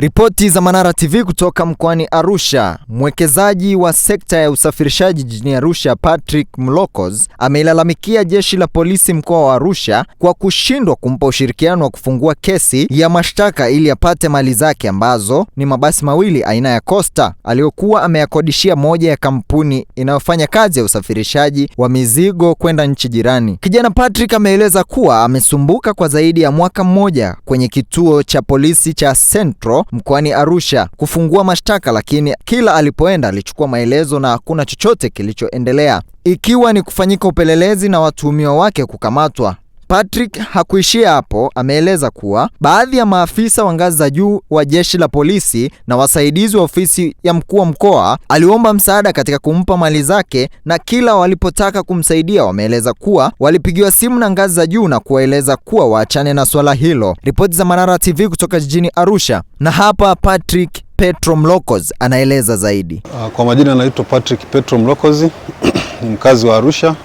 Ripoti za Manara TV kutoka mkoani Arusha. Mwekezaji wa sekta ya usafirishaji jijini Arusha, Patrick Mlokos, ameilalamikia jeshi la polisi mkoa wa Arusha kwa kushindwa kumpa ushirikiano wa kufungua kesi ya mashtaka ili apate mali zake ambazo ni mabasi mawili aina ya Costa aliyokuwa ameyakodishia moja ya kampuni inayofanya kazi ya usafirishaji wa mizigo kwenda nchi jirani. Kijana Patrick ameeleza kuwa amesumbuka kwa zaidi ya mwaka mmoja kwenye kituo cha polisi cha Central mkoani Arusha kufungua mashtaka, lakini kila alipoenda alichukua maelezo na hakuna chochote kilichoendelea, ikiwa ni kufanyika upelelezi na watuhumiwa wake kukamatwa Patrick hakuishia hapo, ameeleza kuwa baadhi ya maafisa wa ngazi za juu wa jeshi la polisi na wasaidizi wa ofisi ya mkuu wa mkoa aliomba msaada katika kumpa mali zake, na kila walipotaka kumsaidia wameeleza kuwa walipigiwa simu na ngazi za juu na kuwaeleza kuwa waachane na swala hilo. Ripoti za Manara TV kutoka jijini Arusha, na hapa Patrick Petro Mlokoz anaeleza zaidi. Ah, kwa majina anaitwa Patrick Petro Mlokozi ni mkazi wa Arusha,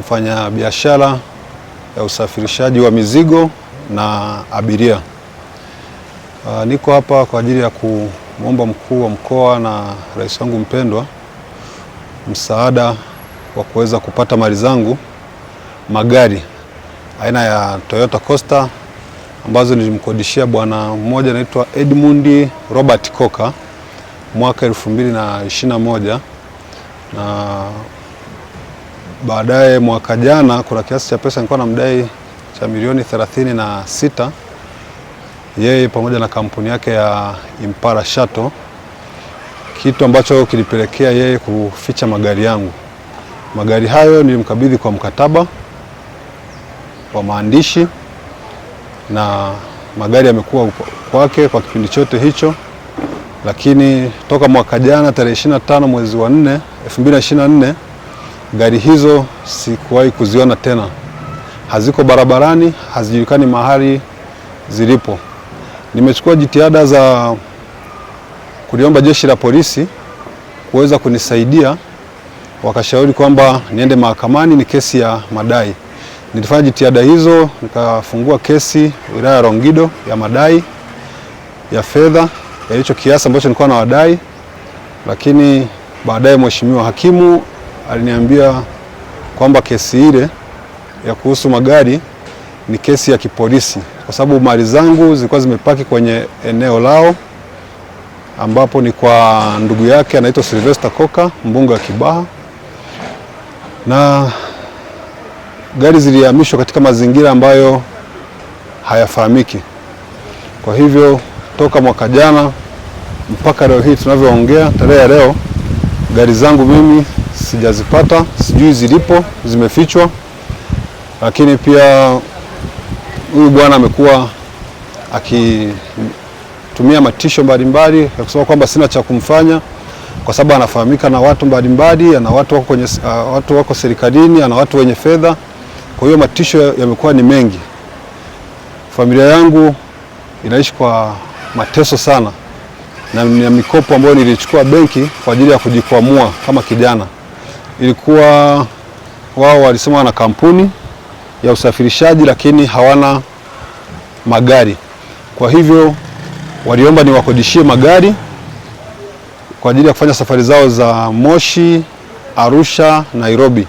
mfanya biashara ya usafirishaji wa mizigo na abiria. Uh, niko hapa kwa ajili ya kumwomba mkuu wa mkoa na rais wangu mpendwa msaada wa kuweza kupata mali zangu magari aina ya Toyota Coaster ambazo nilimkodishia bwana mmoja anaitwa Edmund Robert Koka mwaka 2021 na Baadaye mwaka jana kuna kiasi cha pesa nilikuwa namdai cha milioni thelathini na sita yeye pamoja na kampuni yake ya Impala Shuttle, kitu ambacho kilipelekea yeye kuficha magari yangu. Magari hayo nilimkabidhi kwa mkataba wa maandishi na magari yamekuwa kwake kwa kipindi chote hicho, lakini toka mwaka jana tarehe 25 mwezi wa 4 2024 Gari hizo sikuwahi kuziona tena, haziko barabarani, hazijulikani mahali zilipo. Nimechukua jitihada za kuliomba jeshi la polisi kuweza kunisaidia, wakashauri kwamba niende mahakamani, ni kesi ya madai. Nilifanya jitihada hizo, nikafungua kesi wilaya ya Longido ya madai ya fedha ya hicho kiasi ambacho nilikuwa na wadai, lakini baadaye mheshimiwa hakimu aliniambia kwamba kesi ile ya kuhusu magari ni kesi ya kipolisi, kwa sababu mali zangu zilikuwa zimepaki kwenye eneo lao ambapo ni kwa ndugu yake anaitwa Sylvester Koka mbunge wa Kibaha, na gari zilihamishwa katika mazingira ambayo hayafahamiki. Kwa hivyo toka mwaka jana mpaka leo hii tunavyoongea, tarehe ya leo, gari zangu mimi sijazipata, sijui zilipo, zimefichwa. Lakini pia huyu bwana amekuwa akitumia matisho mbalimbali ya kusema kwamba sina cha kumfanya kwa sababu anafahamika na watu mbalimbali, ana watu wako kwenye, uh, watu wako serikalini, ana watu wenye fedha. Kwa hiyo matisho yamekuwa ni mengi. Familia yangu inaishi kwa mateso sana na mikopo ambayo nilichukua benki kwa ajili ya kujikwamua kama kijana ilikuwa wao walisema wana kampuni ya usafirishaji lakini hawana magari, kwa hivyo waliomba niwakodishie magari kwa ajili ya kufanya safari zao za Moshi, Arusha, Nairobi,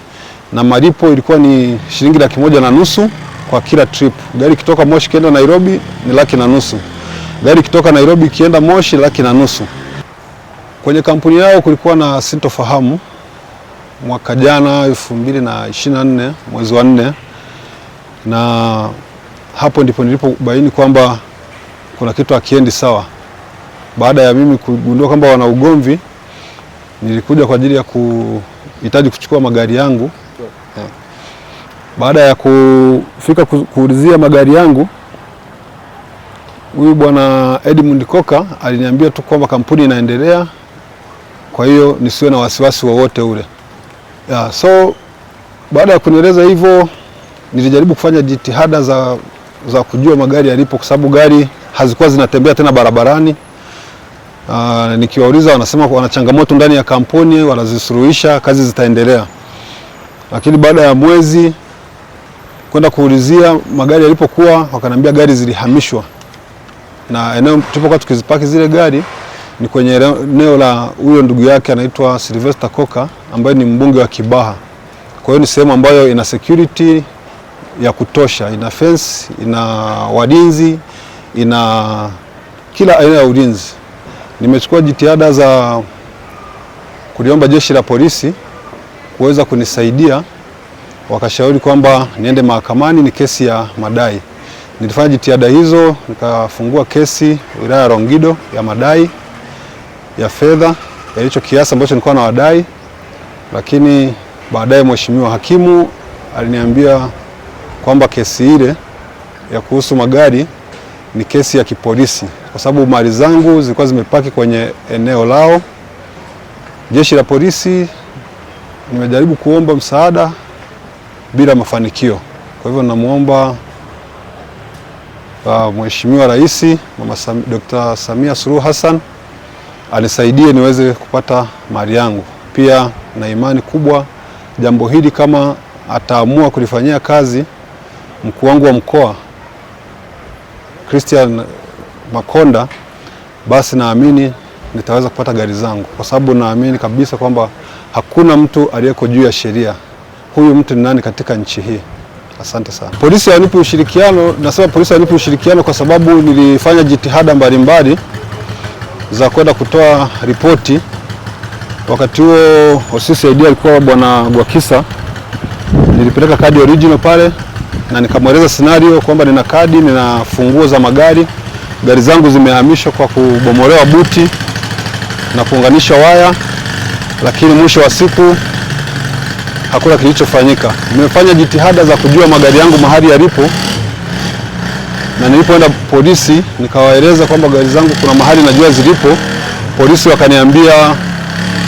na malipo ilikuwa ni shilingi laki moja na nusu kwa kila trip. Gari kitoka Moshi kienda Nairobi ni laki na nusu, gari kitoka Nairobi kienda Moshi laki na nusu. Kwenye kampuni yao kulikuwa na sintofahamu mwaka jana 2024 mwezi wa nne, na hapo ndipo nilipobaini kwamba kuna kitu hakiendi sawa. Baada ya mimi kugundua kwamba wana ugomvi, nilikuja kwa ajili ya kuhitaji kuchukua magari yangu. Eh. Baada ya kufika kuulizia magari yangu, huyu bwana Edmund Koka aliniambia tu kwamba kampuni inaendelea, kwa hiyo nisiwe na wasiwasi wowote ule. Yeah, so baada ya kunieleza hivyo nilijaribu kufanya jitihada za, za kujua magari yalipo kwa sababu gari hazikuwa zinatembea tena barabarani. Uh, nikiwauliza wanasema wana changamoto ndani ya kampuni wanazisuluhisha, kazi zitaendelea. Lakini baada ya mwezi kwenda kuulizia magari yalipokuwa, wakaniambia gari zilihamishwa, na eneo tulipokuwa tukizipaki zile gari ni kwenye eneo la huyo ndugu yake anaitwa Sylvester Koka ambaye ni mbunge wa Kibaha. Kwa hiyo ni sehemu ambayo ina security ya kutosha, ina fence, ina walinzi, ina kila aina ya ulinzi. Nimechukua jitihada za kuliomba jeshi la polisi kuweza kunisaidia, wakashauri kwamba niende mahakamani, ni kesi ya madai. Nilifanya jitihada hizo, nikafungua kesi wilaya ya Longido ya madai ya fedha ya hicho kiasi ambacho nilikuwa na wadai lakini baadaye mheshimiwa hakimu aliniambia kwamba kesi ile ya kuhusu magari ni kesi ya kipolisi kwa sababu mali zangu zilikuwa zimepaki kwenye eneo lao. Jeshi la polisi nimejaribu kuomba msaada bila mafanikio. Kwa hivyo namwomba uh, Mheshimiwa Rais Mama Sam, Dr. Samia Suluhu Hassan anisaidie niweze kupata mali yangu pia na imani kubwa jambo hili, kama ataamua kulifanyia kazi mkuu wangu wa mkoa Christian Makonda, basi naamini nitaweza kupata gari zangu, kwa sababu naamini kabisa kwamba hakuna mtu aliyeko juu ya sheria. Huyu mtu ni nani katika nchi hii? Asante sana. Polisi hawanipi ushirikiano. Nasema polisi hawanipi ushirikiano kwa sababu nilifanya jitihada mbalimbali za kwenda kutoa ripoti Wakati huo Osisi Idea alikuwa bwana Gwakisa. Nilipeleka kadi original pale na nikamweleza scenario kwamba nina kadi, nina funguo za magari, gari zangu zimehamishwa kwa kubomolewa buti na kuunganisha waya, lakini mwisho wa siku hakuna kilichofanyika. Nimefanya jitihada za kujua magari yangu mahali yalipo, na nilipoenda polisi nikawaeleza kwamba gari zangu kuna mahali najua zilipo, polisi wakaniambia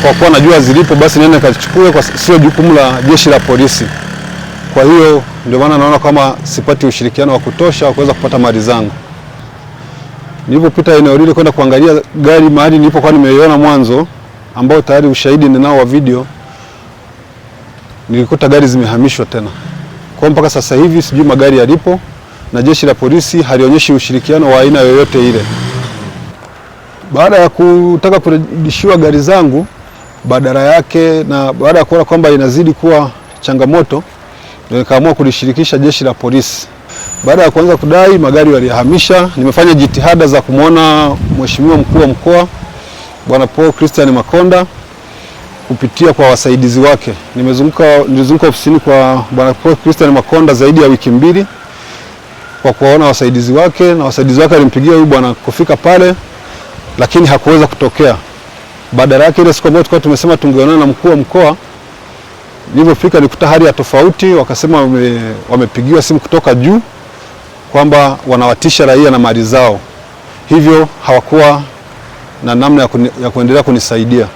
kwa kuwa najua zilipo, basi niende kachukue, kwa sio jukumu la jeshi la polisi. Kwa hiyo ndio maana naona kama sipati ushirikiano wa kutosha wa kuweza kupata mali zangu. Nilipopita eneo lile kwenda kuangalia gari mahali nilipokuwa nimeiona mwanzo, ambao tayari ushahidi ninao wa video, nilikuta gari zimehamishwa tena. Kwa mpaka sasa hivi sijui magari yalipo, na jeshi la polisi halionyeshi ushirikiano wa aina yoyote ile. Baada ya kutaka kurudishiwa gari zangu badala yake, na baada ya kuona kwamba inazidi kuwa changamoto, ndio nikaamua kulishirikisha jeshi la polisi. Baada ya kuanza kudai magari waliyahamisha. Nimefanya jitihada za kumwona Mheshimiwa mkuu wa mkoa Bwana Paul Christian Makonda kupitia kwa wasaidizi wake. Nimezunguka nilizunguka ofisini kwa Bwana Paul Christian Makonda zaidi ya wiki mbili kwa kuwaona wasaidizi wake, na wasaidizi wake alimpigia huyu bwana kufika pale, lakini hakuweza kutokea. Badala yake ile siku ambayo tulikuwa tumesema tungeonana na mkuu wa mkoa, nilipofika nikuta hali ya tofauti. Wakasema wame, wamepigiwa simu kutoka juu kwamba wanawatisha raia na mali zao, hivyo hawakuwa na namna ya, kuni, ya kuendelea kunisaidia.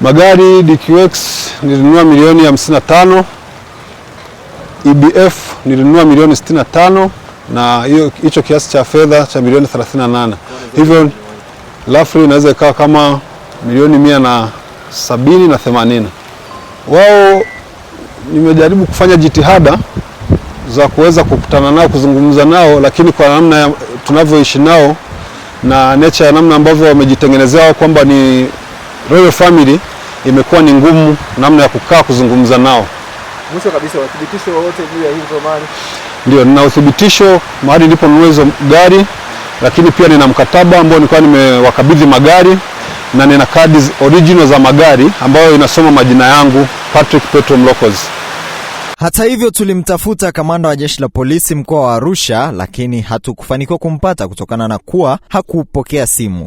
Magari DQX nilinunua milioni 55, EBF nilinunua milioni 65 na hicho kiasi cha fedha cha milioni 38, hivyo lafri inaweza ikawa kama milioni mia na sabini na themanini. Wao nimejaribu kufanya jitihada za kuweza kukutana nao, kuzungumza nao, lakini kwa namna tunavyoishi nao na nature ya namna ambavyo wamejitengenezea kwamba ni royal family, imekuwa ni ngumu namna ya kukaa kuzungumza nao. Mwisho kabisa, uthibitisho wowote juu ya hizo mali? Ndio, nina uthibitisho mahali niliponunua hizo gari, lakini pia nina mkataba ambao nilikuwa nimewakabidhi magari na nina kadi original za magari ambayo inasoma majina yangu Patrick Petro Mlokozi. Hata hivyo tulimtafuta kamanda wa jeshi la polisi mkoa wa Arusha, lakini hatukufanikiwa kumpata kutokana na kuwa hakupokea simu.